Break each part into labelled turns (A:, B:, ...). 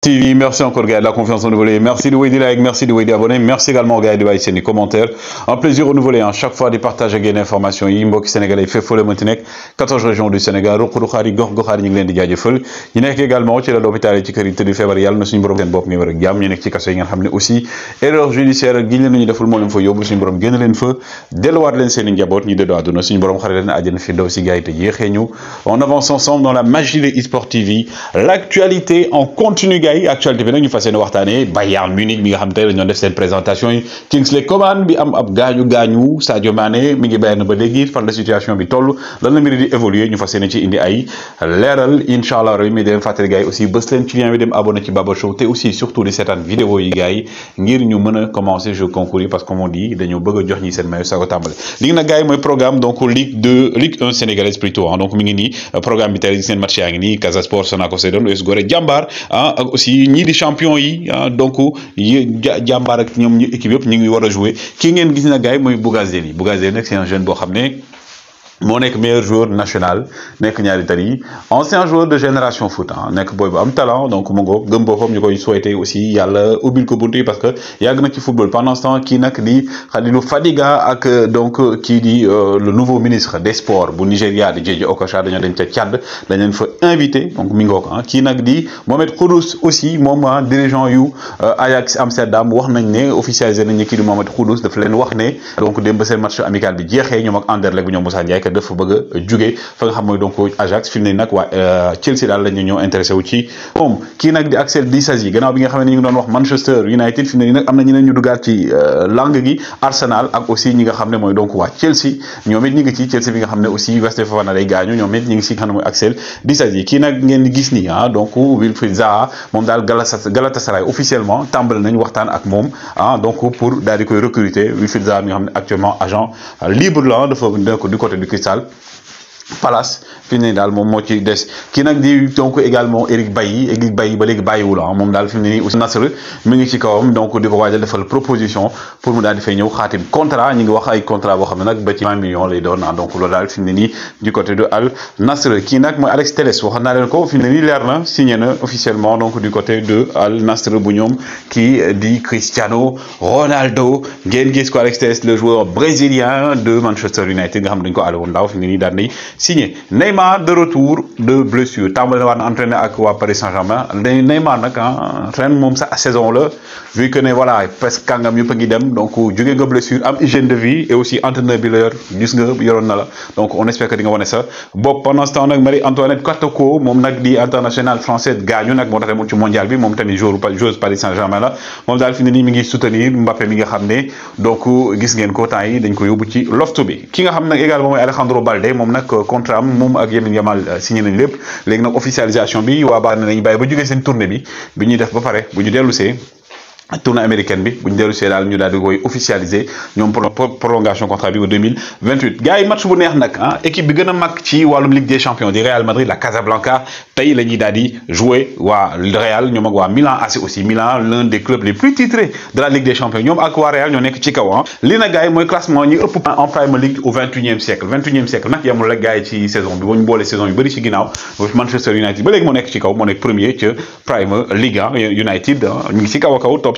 A: TV, merci encore gars de la confiance renouvelée, merci de vous des merci de vous des merci également gars de baisser les commentaires, un plaisir renouvelé, à hein. chaque fois de partager des informations, yi mbokki sénégalais fait follement la 14 régions du Sénégal ruq-ruqaar yi gox goxaar yi ñu ngi di également ci la l'hôpital et ci kër yi tëdd feebar yàlla na suñu borom seen bopp ngi wér ñu ci yi nga aussi erreur judiciaire gi leen ñu deful moo leen fa yóbbu suñu borom génn leen fa delluwaat leen seen i njaboot de droit àdduna suñu borom xare leen àjjana fi daw si gars yi te on avance ensemble dans la magie de eSport TV l'actualité en continu gars yi actualité bi nag ñu fas yéene waxtaanee Bayern Munich mi nga xam tey la def sen présentation yi Kingsley Coman bi am ab gañu gañu Sadio Mané mi ngi Bayern na ba léegi fan la situation bi tollu lan la mi di évoluer ñu fas yéene ci indi ay léral inshallah allah rabi mi dem fàttali gars aussi bëss leen ci lien bi dem abonné ci Baba Show té aussi surtout di sétane vidéo yi gars ngir ñu mëna commencer jeu concours parce que comme on dit dañu bëgg jox ñi sen mayu sago tambalé li nag gars moy programme donc Ligue 2 Ligue 1 sénégalaise plutôt ah donc mi ngi ni programme bi tay sen match yaa ngi nii Casa Sport Sonacos Cedon US Gorée Jambar ah aussi ñi di champion yi ah, donc jambar ak ñom ñu équipe yëpp ñu ngi wara jouer ki ngeen gis na gaay moy Bougazeli Bougazeli c'est un jeune bo xamné ne moo nekk meilleur joueur national Nek ñaari tali ancien joueur de génération foot hein. Ah, Nek Boy bu am talent donc mu ngoog gëm boppam ñu koy souhaité aussi yàlla ubbil ko bunt parce que Yagna na ci football pendant ce temps kii nag di Khalilou Fadiga ak euh, donc kii di euh, le nouveau ministre des sports bu Nigeria, di Okacha, Okocha dañoo dem ca Tchad dañ leen fa invité donc mi ngoog ah kii nag di Mohamed Kudus aussi moom ah dirigeant yu euh, Ajax Amsterdam wax nañ ne officialisé nañ ne di Mohamed Kudus de leen wax ne donc démb seen match amical bi jeexee ñoom ak Anderlecht bu ñoom que dafa bëgg a jugee fa nga xam mooy donc Ajax fi mu ne nag euh, Chelsea daal la ñu ñoo intéressé wu ci moom kii nag di Axel Disasi gannaaw bi nga xam ne ñu ngi wax Manchester United fi mu ne nag am na ñu duggaat ci euh, langue gi Arsenal ak aussi ñi nga xam ne mooy donc waa Chelsea ñoom it ñi ngi ci Chelsea bi nga xam ne aussi Wesley Fofana day gaañu ñoom it ñi ngi si nga xam ne Axel Disasi kii nag ngeen di gis nii ah donc Wilfried Zaha moom daal Galatasaray officiellement tàmbali nañ waxtaan ak moom hein donc pour daal di koy recruter Wilfried Zaha mi nga actuellement agent euh, libre la de nekk du côté du cristal Palace finalement mu ne daal qui moo ci des kii di donc également Eric Bailly Eric Bailly ba Bailly ou là moom dal, fi ou ne nii Nasr ci kawam donc di ko waajal defal proposition pour mu daal di fay ñëw contrat ñu ngi wax ay contrat boo xam ne nag ba ci 20 millions lay doon ah, donc loolu dal, fi du côté de Al Nasr qui nag mooy Alex Telles wax naa leen ko na signé na officiellement donc du côté de Al Nasr bu qui dit di Cristiano Ronaldo ngeen gis ko Alex Telles le joueur brésilien de Manchester United nga xam dañ ko àll woon daaw signé Neymar de retour de blessure tàmbali na entraîné ak waa Paris Saint-Germain Neymar nak ah ren mom sa saison là vu que né voilà presque kàngam yëpp a ngi dem donc jóge nga blessure am hygiène de vie et aussi entraîneur bi leur gis nga yoroon na la donc on espère que di nga wane ça bopp pendant ce temps nak Marie-Antoinette Katoko mom nak di international française gaañu nag moo tax demoon ci mondial bi mom tamit joueur joueuse Paris Saint-Germain la moom daal fi ne mi ngi soutenir Mbappé mi nga xamné donc gis ngeen ko temps yi dañ ko yobu ci loftu bi ki nga xam nag également mooy Alejandro Balde mom nak contrat moom ak yeneen yamal euh, signé nañ lépp léegi nag officialisation bi waa baax nañ bàyyi ba jógee seen tournée bi bi ñuy def ba pare bu ñu dellusee tournée américaine bi bu ñu dellu see ñu dal di koy officialiser ñom prolongation contrat bi au 2028 gars match bu neex nak ah équipe bi gëna a mag ci walum Ligue des champions di Real Madrid la Casablanca tay lañuy dal di jouer waa Real ñom ak wa Milan AC aussi Milan l'un des clubs les plus titrés de la Ligue des champions ñom ak wa Real ñoo nekk ci kaw ah lii nag gars classement ñi ëpp en Premier League au 21e siècle 21e siècle nak yamul la gars ci saison bi boo bolé saison yu bari ci ginnaaw Manchester United ba légui mo nekk ci kaw mo nekk premier ci Premier League ah, United ah, ñi ci kaw kaw top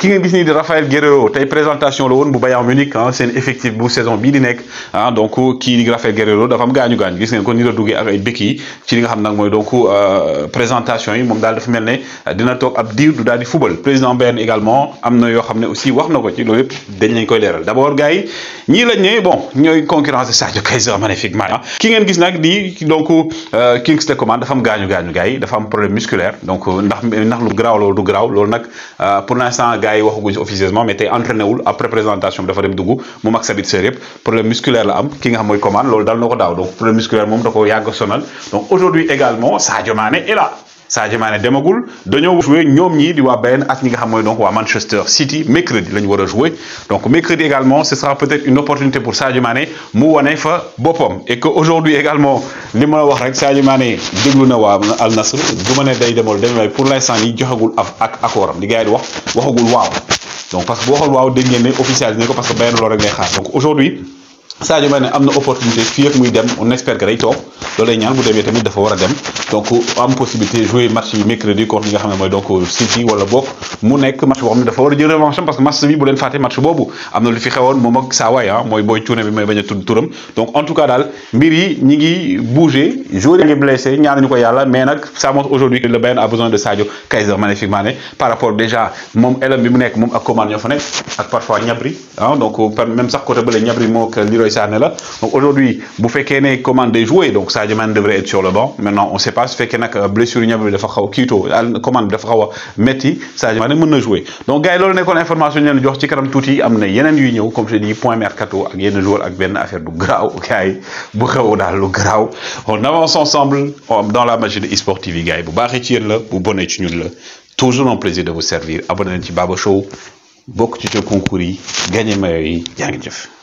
A: ki ngeen gis ni di Rafael Guerrero? tey présentation la woon bu Bayern Munich ah seen effectif bu saison bii di nekk ah donc kii di Rafael Guerrero? dafa am gaañu gaañ gis ngeen ko ni la duggee ak ay békk yi ci li nga xam nag mooy donc euh, présentation yi moom daal dafa mel ne dina toog ab diir du daal di fubal président bern également am na yoo xam ne aussi wax na ko ci loolu yëpp dañ lañ koy leeral d' abord gars yi ñii lañ ne bon ñooy concurrence de Sadio Kaiser magnifiquement ah ki ngeen gis nag di donc euh, Kingsley Coman dafa am gaañu gaañu gars yi dafa am problème musculaire donc euh, ndax ndax lu garaaw loolu du graw loolu nag pour l' instant gars yi waxaguñ officieusement mais tay entraîné wul après présentation dafa dem dugg mu mak Sabit Sèye problème musculaire la am ki nga xam moy commande lolou dal na daw donc problème musculaire mom dako yag sonal donc aujourd'hui également Sadio Mané est là Sadio Mane demagul dañoo jouer ñom ñi di wa Bayern ak ñi nga xam moy donc wa Manchester City mercredi là wara jouer donc mercredi également ce sera peut-être une opportunité pour Sadio Mane mu woné fa bopom et que aujourd'hui également li ma wax rek Sadio Mane deglu na wa Al Nassr du ma day demol demee pour l'instant yi joxagul ak accord am li gars di wax waxagul waaw donc parce que bo xol waaw dégg ngeen ne ko parce que Bayern lo rek lay xaar donc aujourd'hui Sadio Mané amna opportunité fi ak muy dem on espère que day toog loolu ñaan bu demee tamit dafa wara dem donc am possibilité jouer match bi mercredi contre nga xamné moy mooy donc City wala bok mu nekk match boo xamné dafa wara a jël revanche parce que match bi bu len fàtte match bobu amna lu fi xewon mom ak saa waay ah mooy booy cuune bi may bañ a tudd turam donc en tout cas dal mbir yi ñi ngi bouger joueur yi ngi blessé ñaanuñu ko yalla mais nak ça montre aujourd'hui le Bayern a besoin de Sadio Kaiser magnifique Mané par rapport déjà mom élan bi mu nekk mom ak Coman ñofa nek ak parfois Ñabri hein ah, donc même sax côté bële Ñabri mo ak Leroy Sané là. Donc aujourd'hui, vous faites qu'un commande de jouer, donc ça devrait être sur le banc. Maintenant, on ne sait pas si fait une blessure il y qui est Kito, commande de Fakao Metti, Sadio Mane ne jouer. Donc gars, a une information ñu jox ci Tout touti amna yenen yu union, comme je dis point mercato ak une joueur ak une affaire de grave, gars bu une dal lu grave On avance ensemble dans la magie de sport TV gars. vous baxé ci vous la, bu Toujours un plaisir de vous servir. Abonnez-vous à Babo Show. beaucoup ci concours gagnez-moi gagnez yi